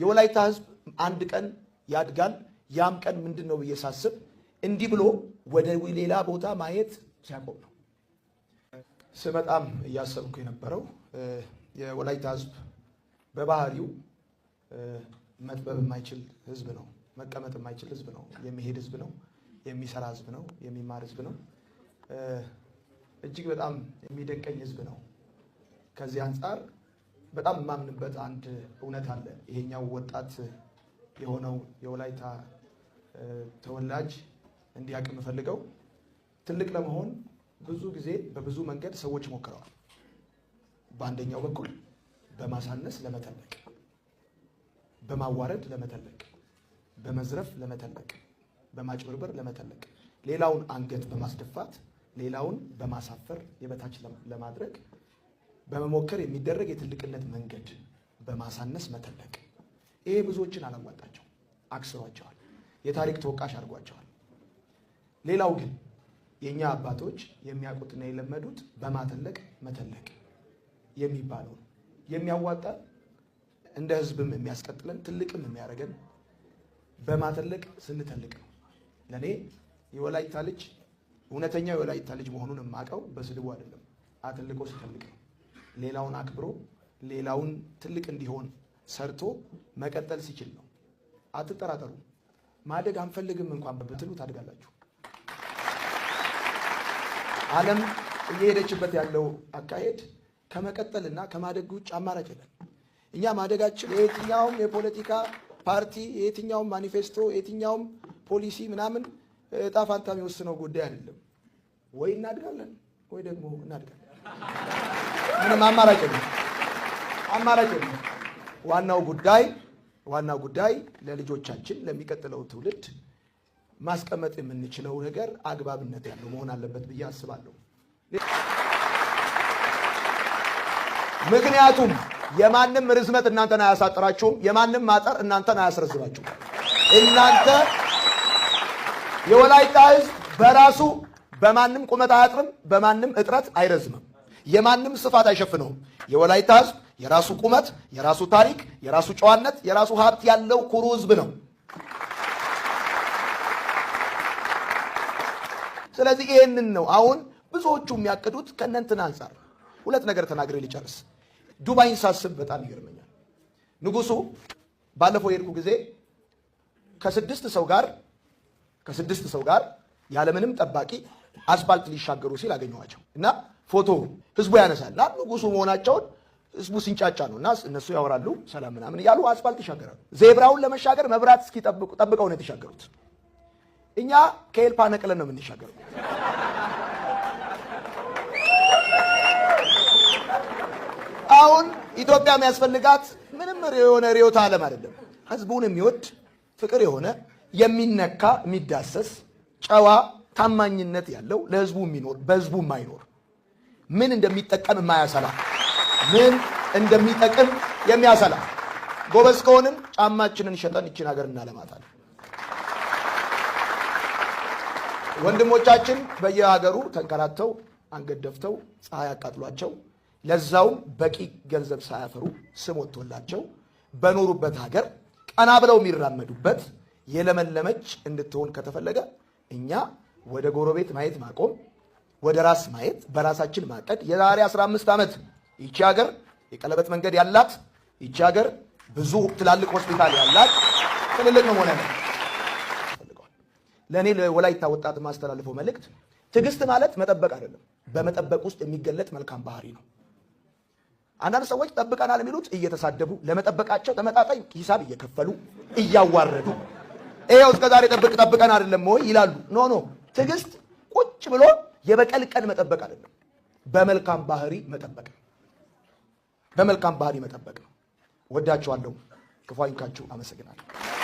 የወላይታ ህዝብ አንድ ቀን ያድጋል። ያም ቀን ምንድን ነው ብዬ ሳስብ እንዲህ ብሎ ወደ ሌላ ቦታ ማየት ሲያቆም ነው። ስመጣም እያሰብኩ የነበረው የወላይታ ህዝብ በባህሪው መጥበብ የማይችል ህዝብ ነው፣ መቀመጥ የማይችል ህዝብ ነው፣ የሚሄድ ህዝብ ነው፣ የሚሰራ ህዝብ ነው፣ የሚማር ህዝብ ነው፣ እጅግ በጣም የሚደንቀኝ ህዝብ ነው። ከዚህ አንጻር በጣም የማምንበት አንድ እውነት አለ። ይሄኛው ወጣት የሆነው የወላይታ ተወላጅ እንዲያውቅ የምፈልገው ትልቅ ለመሆን ብዙ ጊዜ በብዙ መንገድ ሰዎች ሞክረዋል። በአንደኛው በኩል በማሳነስ ለመተለቅ፣ በማዋረድ ለመተለቅ፣ በመዝረፍ ለመተለቅ፣ በማጭበርበር ለመተለቅ፣ ሌላውን አንገት በማስደፋት ሌላውን በማሳፈር የበታች ለማድረግ በመሞከር የሚደረግ የትልቅነት መንገድ በማሳነስ መተለቅ፣ ይሄ ብዙዎችን አላዋጣቸው አክስሯቸዋል፣ የታሪክ ተወቃሽ አድርጓቸዋል። ሌላው ግን የእኛ አባቶች የሚያውቁትና የለመዱት በማተለቅ መተለቅ የሚባለው የሚያዋጣ እንደ ህዝብም የሚያስቀጥለን ትልቅም የሚያደርገን በማተለቅ ስንተልቅ ነው። ለእኔ የወላይታ ልጅ እውነተኛ የወላይታ ልጅ መሆኑን የማውቀው በስድቡ አይደለም፣ አተልቆ ሲተልቅ ነው። ሌላውን አክብሮ ሌላውን ትልቅ እንዲሆን ሰርቶ መቀጠል ሲችል ነው። አትጠራጠሩ። ማደግ አንፈልግም እንኳን ብትሉ ታድጋላችሁ። ዓለም እየሄደችበት ያለው አካሄድ ከመቀጠልና ከማደግ ውጭ አማራጭ የለም። እኛ ማደጋችን የየትኛውም የፖለቲካ ፓርቲ፣ የየትኛውም ማኒፌስቶ፣ የየትኛውም ፖሊሲ ምናምን እጣ ፋንታ የሚወስነው ጉዳይ አይደለም። ወይ እናድጋለን ወይ ደግሞ እናድጋለን። ምንም አማራጭ አማራጭ ዋናው ጉዳይ ዋናው ጉዳይ ለልጆቻችን ለሚቀጥለው ትውልድ ማስቀመጥ የምንችለው ነገር አግባብነት ያለው መሆን አለበት ብዬ አስባለሁ። ምክንያቱም የማንም ርዝመት እናንተን አያሳጥራችሁም። የማንም ማጠር እናንተን አያስረዝባችሁም። እናንተ የወላይታ ሕዝብ በራሱ በማንም ቁመት አያጥርም፣ በማንም እጥረት አይረዝምም። የማንም ስፋት አይሸፍነውም። የወላይታ ህዝብ የራሱ ቁመት፣ የራሱ ታሪክ፣ የራሱ ጨዋነት፣ የራሱ ሀብት ያለው ኩሩ ህዝብ ነው። ስለዚህ ይህንን ነው አሁን ብዙዎቹ የሚያቅዱት ከእነንትን አንጻር። ሁለት ነገር ተናግሬ ሊጨርስ። ዱባይን ሳስብ በጣም ይገርመኛል። ንጉሱ ባለፈው የሄድኩ ጊዜ ከስድስት ሰው ጋር ከስድስት ሰው ጋር ያለምንም ጠባቂ አስፓልት ሊሻገሩ ሲል አገኘኋቸው እና ፎቶ ህዝቡ ያነሳል ንጉሱ መሆናቸውን ህዝቡ ሲንጫጫ ነው እና እነሱ ያወራሉ ሰላም ምናምን እያሉ አስፋልት ይሻገራሉ። ዜብራውን ለመሻገር መብራት እስኪጠብቀው ነው የተሻገሩት። እኛ ከኤልፓ ነቅለን ነው የምንሻገረው። አሁን ኢትዮጵያ የሚያስፈልጋት ምንም የሆነ ርዕዮተ ዓለም አይደለም። ህዝቡን የሚወድ ፍቅር የሆነ የሚነካ የሚዳሰስ ጨዋ ታማኝነት ያለው ለህዝቡ የሚኖር በህዝቡ የማይኖር ምን እንደሚጠቀም የማያሰላ ምን እንደሚጠቅም የሚያሰላ ጎበዝ ከሆንን ጫማችንን ሸጠን ይችን ሀገር እናለማታለን። ወንድሞቻችን በየሀገሩ ተንከራተው አንገድ ደፍተው ፀሐይ አቃጥሏቸው ለዛውም በቂ ገንዘብ ሳያፈሩ ስም ወጥቶላቸው በኖሩበት ሀገር ቀና ብለው የሚራመዱበት የለመለመች እንድትሆን ከተፈለገ እኛ ወደ ጎረቤት ማየት ማቆም፣ ወደ ራስ ማየት፣ በራሳችን ማቀድ። የዛሬ 15 ዓመት ይቺ ሀገር የቀለበት መንገድ ያላት ይቺ ሀገር ብዙ ትላልቅ ሆስፒታል ያላት ትልልቅ ነው ሆነ ለእኔ ለወላይታ ወጣት የማስተላልፈው መልእክት ትዕግስት ማለት መጠበቅ አይደለም። በመጠበቅ ውስጥ የሚገለጥ መልካም ባህሪ ነው። አንዳንድ ሰዎች ጠብቀናል የሚሉት እየተሳደቡ ለመጠበቃቸው ተመጣጣኝ ሂሳብ እየከፈሉ እያዋረዱ ይኸው እስከ ዛሬ ጠብቅ ጠብቀን አይደለም ወይ ይላሉ። ኖ ኖ ትዕግስት ቁጭ ብሎ የበቀል ቀን መጠበቅ አይደለም፣ በመልካም ባህሪ መጠበቅ ነው። በመልካም ባህሪ መጠበቅ ነው። ወዳችኋለሁ። ክፉ አይንካችሁ። አመሰግናለሁ።